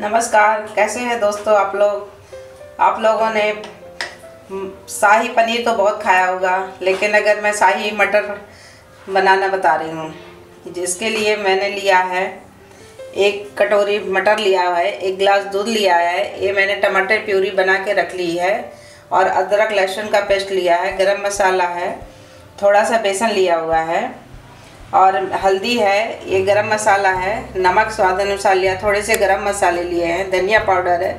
नमस्कार कैसे हैं दोस्तों आप लोग आप लोगों ने शाही पनीर तो बहुत खाया होगा लेकिन अगर मैं शाही मटर बनाना बता रही हूँ जिसके लिए मैंने लिया है एक कटोरी मटर लिया है एक गिलास दूध लिया है ये मैंने टमाटर प्यूरी बना के रख ली है और अदरक लहसुन का पेस्ट लिया है गरम मसाला है थोड़ा सा बेसन लिया हुआ है और हल्दी है ये गरम मसाला है नमक स्वाद अनुसार लिया थोड़े से गरम मसाले लिए हैं धनिया पाउडर है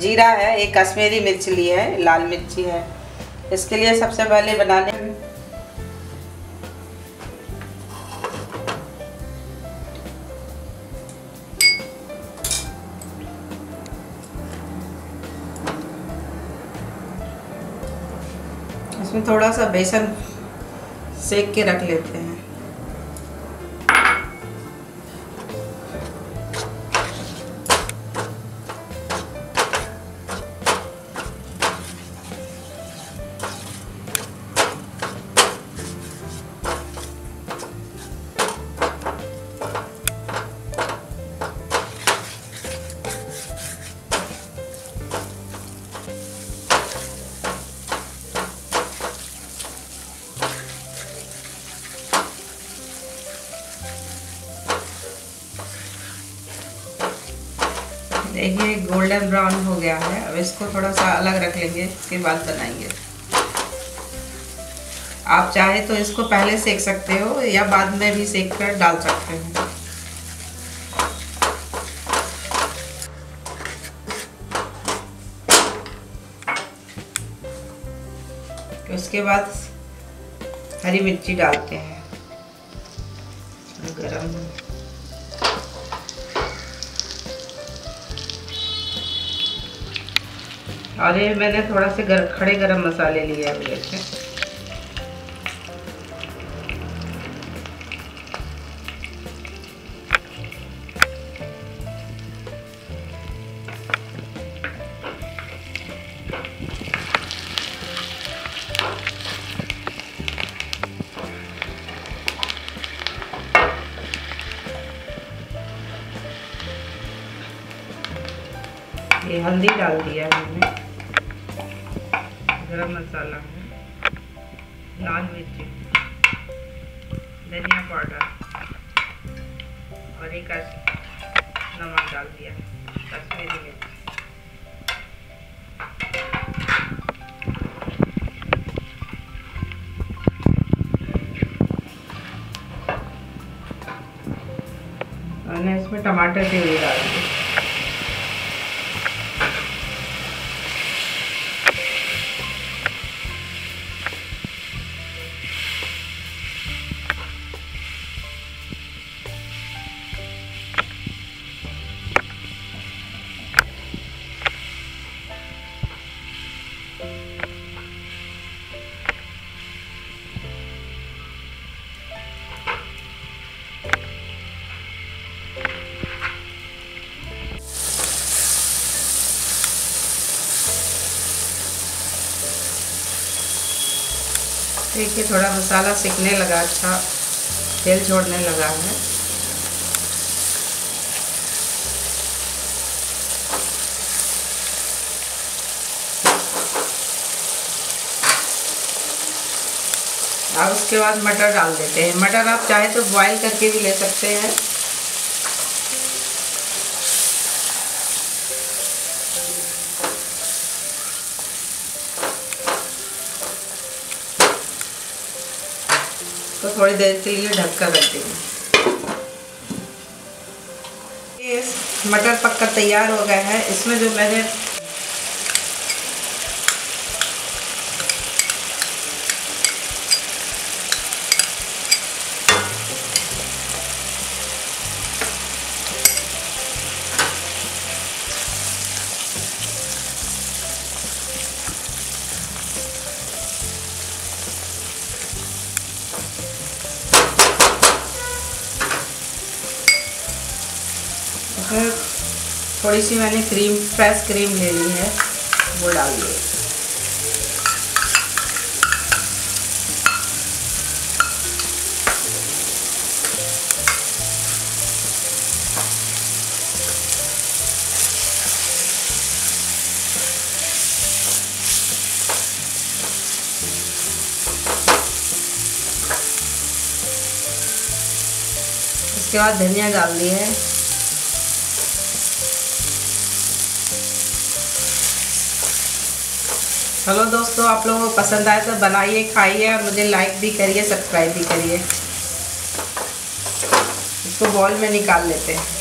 जीरा है एक कश्मीरी मिर्च ली है लाल मिर्ची है इसके लिए सबसे पहले बनाने इसमें थोड़ा सा बेसन सेक के रख लेते हैं देखिए गोल्डन ब्राउन हो गया है अब इसको थोड़ा सा अलग रख लेंगे इसके बाद बनाएंगे आप चाहे तो इसको पहले सेक सकते हो या बाद में भी सेक कर डाल सकते हो तो उसके बाद हरी मिर्ची डालते हैं गरम और ये मैंने थोड़ा से गर, खड़े गरम मसाले लिए हुए थे हल्दी डाल दिया हमने गरम मसाला में लाल मिर्ची धनिया पाउडर और एक नमक डाल दिया कश्मीरी मिर्च मैंने इसमें टमाटर के लिए डाल दिए देखिए थोड़ा मसाला सिकने लगा अच्छा तेल छोड़ने लगा है अब उसके बाद मटर डाल देते हैं मटर आप चाहे तो बॉईल करके भी ले सकते हैं थोड़ी देर के लिए ढककर रख देंगे मटर पक्का तैयार हो गया है इसमें जो मैंने थोड़ी सी मैंने क्रीम फ्रेश क्रीम ले ली है वो डालिए उसके बाद धनिया डाल दी है हेलो दोस्तों आप लोगों को पसंद आए तो बनाइए खाइए और मुझे लाइक भी करिए सब्सक्राइब भी करिए इसको बॉल में निकाल लेते हैं